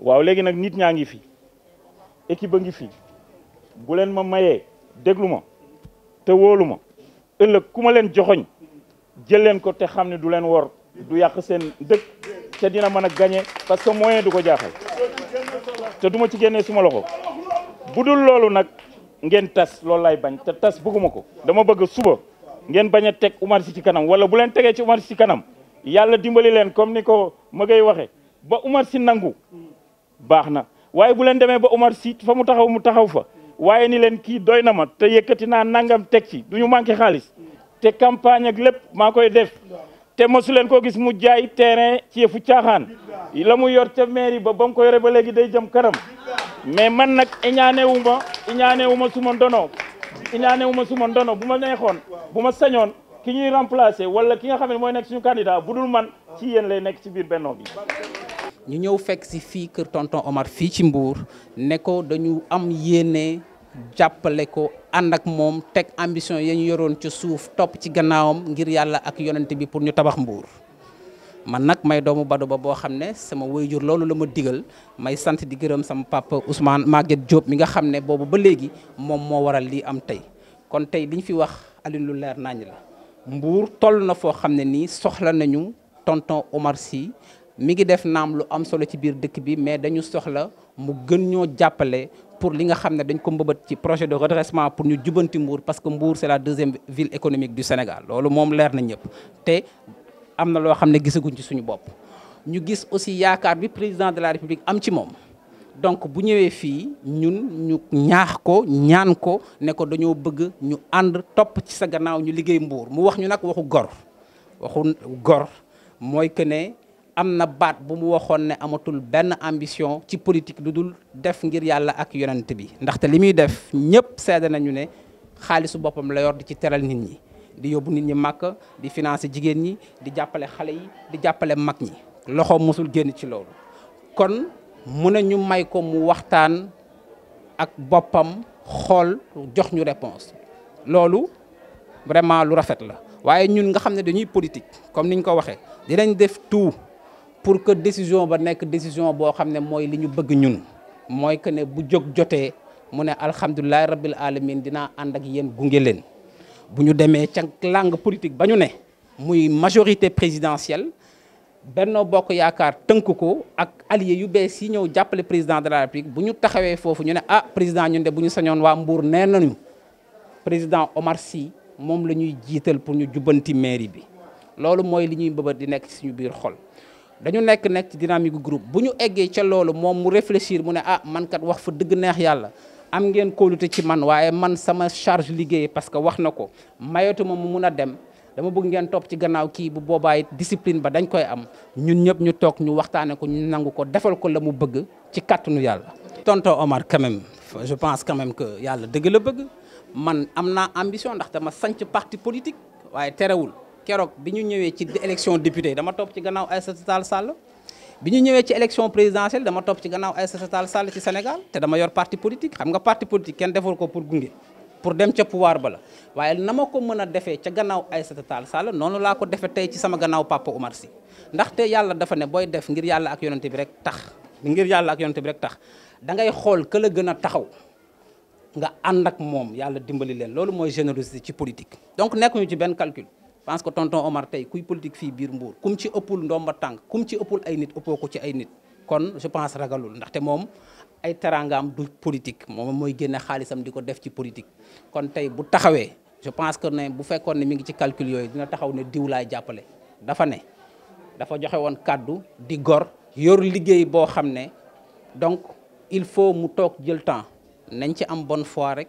waaw léegi nag nit ñaa ngi fi équipe a ngi fi bu leen ma mayee déglu ma te wóolu ma ëllëg ku ma leen joxoñ jël leen ko te xam ne du leen wor du yàq seen dëkk te dina mën a gagné parce que moyen du ko jaaxal te duma ci génnee suma loxo bu dul loolu nag ngeen tas loolu lay bañ te tas bëgguma ko dama bëgg suba ngeen bañ a teg Umar Sy ci kanam wala bu leen tegee ci Umar si ci kanam yàlla dimbali leen comme ni ko ma ngay waxe ba Umar Sy nangu baax na waaye bu leen demee ba Umar siit fa mu taxaw mu taxaw fa waaye ni leen kii doy na ma te yëkkati naa nangam teg ci du ñu manqué xaalis te campagne ak lépp maa koy def te mosu leen koo gis mu jaay terrain ci yëfu caaxaan la mu yor ca mairie ba ba ko yore ba léegi day jëm kanam mais man nag iñaane wu ma iñaane wu su ma ndono iñaane suma ma ndono bu ma neexoon bu ma sañoon ki ñuy remplacer wala ki nga xam ne mooy nekk suñu candidat bu dul man ci yéen lay nekk ci biir benno bi ñu ñëw fekk si fii kër tonton Omar fii ci Mbour ne ko dañu am yéene jàppale ko ànd ak moom teg ambition ya ñu yoroon ca suuf topp ci gannaawam ngir yàlla ak yonent bi pour ñu tabax Mbour. man nag may doomu bado ba boo xam ne sama waajur loolu la ma digal may sant di gërëm sama pàpp Ousmane Maguette Diop mi nga xam ne boobu ba léegi moom moo waral lii am tey kon tey liñ fi wax Alioune lu leer nañ la. mbuur toll na foo xam ne nii soxla nañu tonton Omar mi ngi def naam lu am solo ci biir dëkk bi mais dañu soxla mu gën ñoo jàppale pour li nga xam ne dañ ko mbëbët ci projet de redressement pour ñu jubanti Mbour parce que Mbour c'est la deuxième ville économique du Sénégal loolu moom leer na ñëpp te am na loo xam ne gisaguñ ci suñu bopp. ñu gis aussi yaakaar bi président de la République am ci moom donc bu ñëwee fii ñun ñu ñaax ko ñaan ko ne ko dañoo bëgg ñu ànd topp ci sa gannaaw ñu liggéey Mbour mu wax ñu nag waxu gor waxu que ne. am na baat bu mu waxoon ne amatul benn ambition ci politique lu dul def ngir yàlla ak yonent bi ndaxte li muy def ñëpp seede nañu ne xaalisu boppam la yor di ci teral nit ñi di yóbbu nit ñi màkk di financé jigéen ñi di jàppale xale yi di jàppale mag ñi loxo mosul génn ci loolu kon mu ne ñu may ko mu waxtaan ak boppam xool jox ñu réponse loolu vraiment lu rafet la waaye ñun nga xam ne dañuy politique comme niñ ko waxee dinañ def tout pour que décision ba nekk décision boo xam ne moi bëgg ñun que ne bu jóg Mon mu ne alhamdulilahi rabbil alamin dina ànd ak yéen gunge leen langue politique banyone. Moi, muy majorité présidentielle Benno Bokk Yaakaar tënk ak allié yu bees yi ñëw président de la république bu ñu fofu foofu ah président ñun de bu ñu sañoon waa Mbour nañu président Omar Sy moom la ñuy jiital pour ñu jubanti mairie bi loolu mooy li ñuy mbëbët di nekk ci suñu biir xol dañu nekk nekk ci dynamique groupe bu ñu eggee ca loolu moom mu réfléchir mu ne ah man kat wax fa dëgg neex yàlla am ngeen kóolute ci man waaye man sama charge liggéey parce que wax na ko mayeetuma mu mun a dem dama bëgg ngeen topp ci gannaaw kii bu boobaayit it discipline ba dañ koy am ñun ñëpp ñu toog ñu waxtaane ko ñu nangu ko defal ko la mu bëgg ci kàttanu yàlla. tonton Omar quand même je pense quand même que yàlla dëgg la bëgg man am naa ambition ndax dama sanc parti politique waaye terewul. keroog biñu ñëwé ci élection député dama top ci gannaaw Aïssata Tall Sall biñu ñëwé ci élection présidentielle dama top ci gannaaw Aïssata Tall Sall ci Sénégal té dama yor parti politique xam nga parti politique ken déful ko pour gungé, pour dem ci pouvoir ba la waaye na ma ko mën a defee gannaaw Aïssata Tall Sall nonu la ko défé tay ci sama gannaaw Papa Oumar Sy té Yalla dafa né boy def ngir Yalla ak yonente bi rek tax ngir Yalla ak yonente bi rek tax da ngay xol ka la gëna taxaw nga and ak mom yalla dimbali leen loolu moy générosité ci politique donc nekkuñu ci ben calcul pense que tonton Omar Tay, kuy politique fi bir Mbour kum ci ëppul ndomba tank kum ci ëppul ay nit ëppoo ko ci ay nit kon je pense ragalul ndaxte mom ay terangam du politique mom moy génne xalissam diko def ci politique kon tay bu taxawé je pense que ne bu fekkone ne mi ngi ci calcul yoy dina taxaw ne diw laay jappalé dafa né dafa joxe woon kàddu di gor yor liggéey bo xamné donc il faut mu tok jël temps nañ ci am bonne foi rek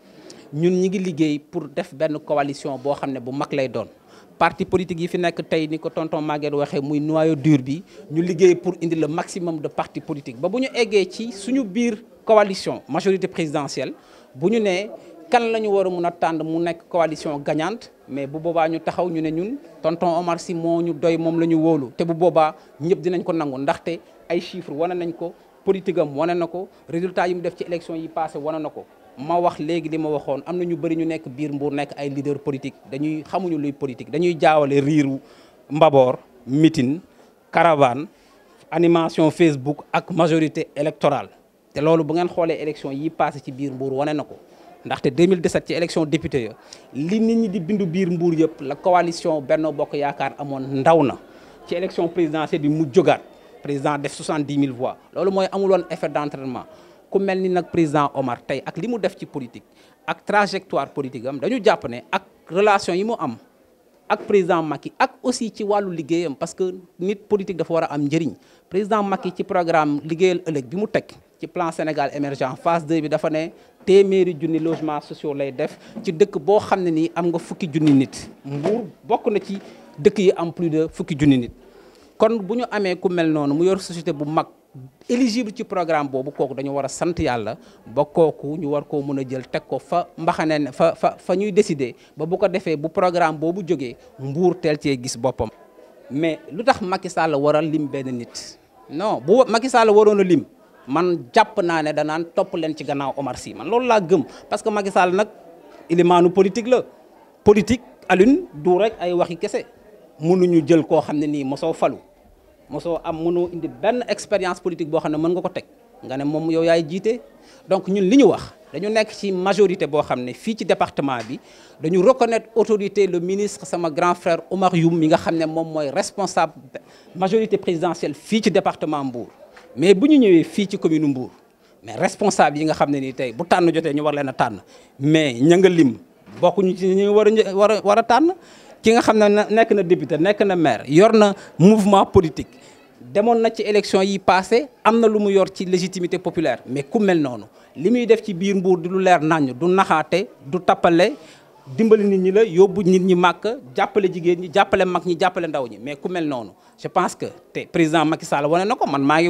ñun ñi ngi liggéey pour def benn coalition boo xam ne bu mag lay doon parti politique yi fi nekk tey ni ko tonton Maguette waxee muy noyau dur bi ñu liggéey pour indi le maximum de parti politique ba bu ñu eggee ci suñu biir coalition majorité présidentielle bu ñu nee kan la ñu war a mun a mu nekk coalition gagnante mais bu boobaa ñu taxaw ñu ne ñun tonton Omar Sy moo ñu doy moom la ñu wóolu te bu boobaa ñëpp dinañ ko nangu ndaxte ay chiffres wane nañ ko politique am wane na ko résultat yi mu def ci élection yi passé wane na ko ma wax léegi li ma waxoon am ñu bari ñu nek biir Mbour nek ay leader politique dañuy xamuñu luy politique dañuy jaawale riiru mbabor meeting caravane animation Facebook ak majorité électorale té lolu bu ngeen xolé élection yi passé ci biir Mbour wane na ko ndaxte 2017 ci élection député ya li nit ñi di bindu biir Mbour yëpp la coalition Benno Bokk yaakar amone ndawna ci élection présidentielle bi mu jogat président def 70 000 voix lolu moy amul won effet d'entraînement comme le président Omar Tay, avec les def ci politique trajectoire politique am dañu jàpp ne relation yi le président Macky ak aussi ci wàllu parce que les politique dafa avoir a am Le président Macky ci programme Ligue ëllëg bi plan Sénégal émergent phase 2 bi dafa ne logements sociaux lay def ci dëkk boo xam de am nga plus de fukki éligible ci programme boobu kooku dañu war a sant yàlla ba kooku ñu war koo mën a jël teg ko fa mbaxane fa fa fa ñuy décider ba bu ko defee bu programme boobu jogee mbuur teel cee gis boppam. mais lu tax Macky Sall waral lim benn nit non bu Macky Sall waroon a lim man jàpp naa ne danaan topp leen ci gannaaw Omar Sy man loolu laa gëm parce que Macky Sall nag élément nu politique la politique alin du rek ay waxi kese mënuñu jël koo xam ne nii mosoo falu. mosoo am mënoo indi benn expérience politique boo xam ne mën nga ko teg nga ne moom yow yaay jiite donc ñun li ñu wax dañu nekk ci majorité boo xam ne fii ci département bi dañu reconnaître autorité le ministre sama grand frère Oumar Youm mi nga xam ne moom mooy responsable majorité présidentielle fii ci département Mbour mais bu ñu ñëwee fii ci commune Mbour mais responsable yi nga xam ne nii tey bu tànn jotee ñu war leen a tànn mais ña lim bokkuñu ci ñu war war a war a tànn ki nga a député maire mouvement politique demoon na ci élection yi passé amna lu mu yor ci légitimité populaire mais ku mel nonou limuy def ci biir Mbour du lu leer du du dimbali nit ñi la nit ñi ñi ñi ndaw ñi mais ku mel je pense que le président Macky Sall woné nako man ma ngi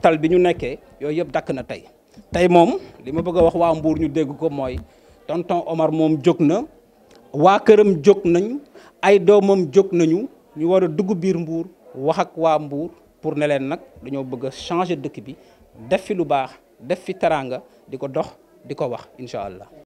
tal bi ñu nekkee yooyu yëpp dakk na tey tey moom li ma bëgg a wax waa Mbour ñu dégg ko mooy tonton Omar moom jóg na waa këram jóg nañ ay doomam jóg nañu ñu war a dugg biir mbuur wax ak waa mbuur pour ne leen nag dañoo bëgg a changer dëkk bi def fi lu baax def fi teraanga di ko dox di ko wax incha allah.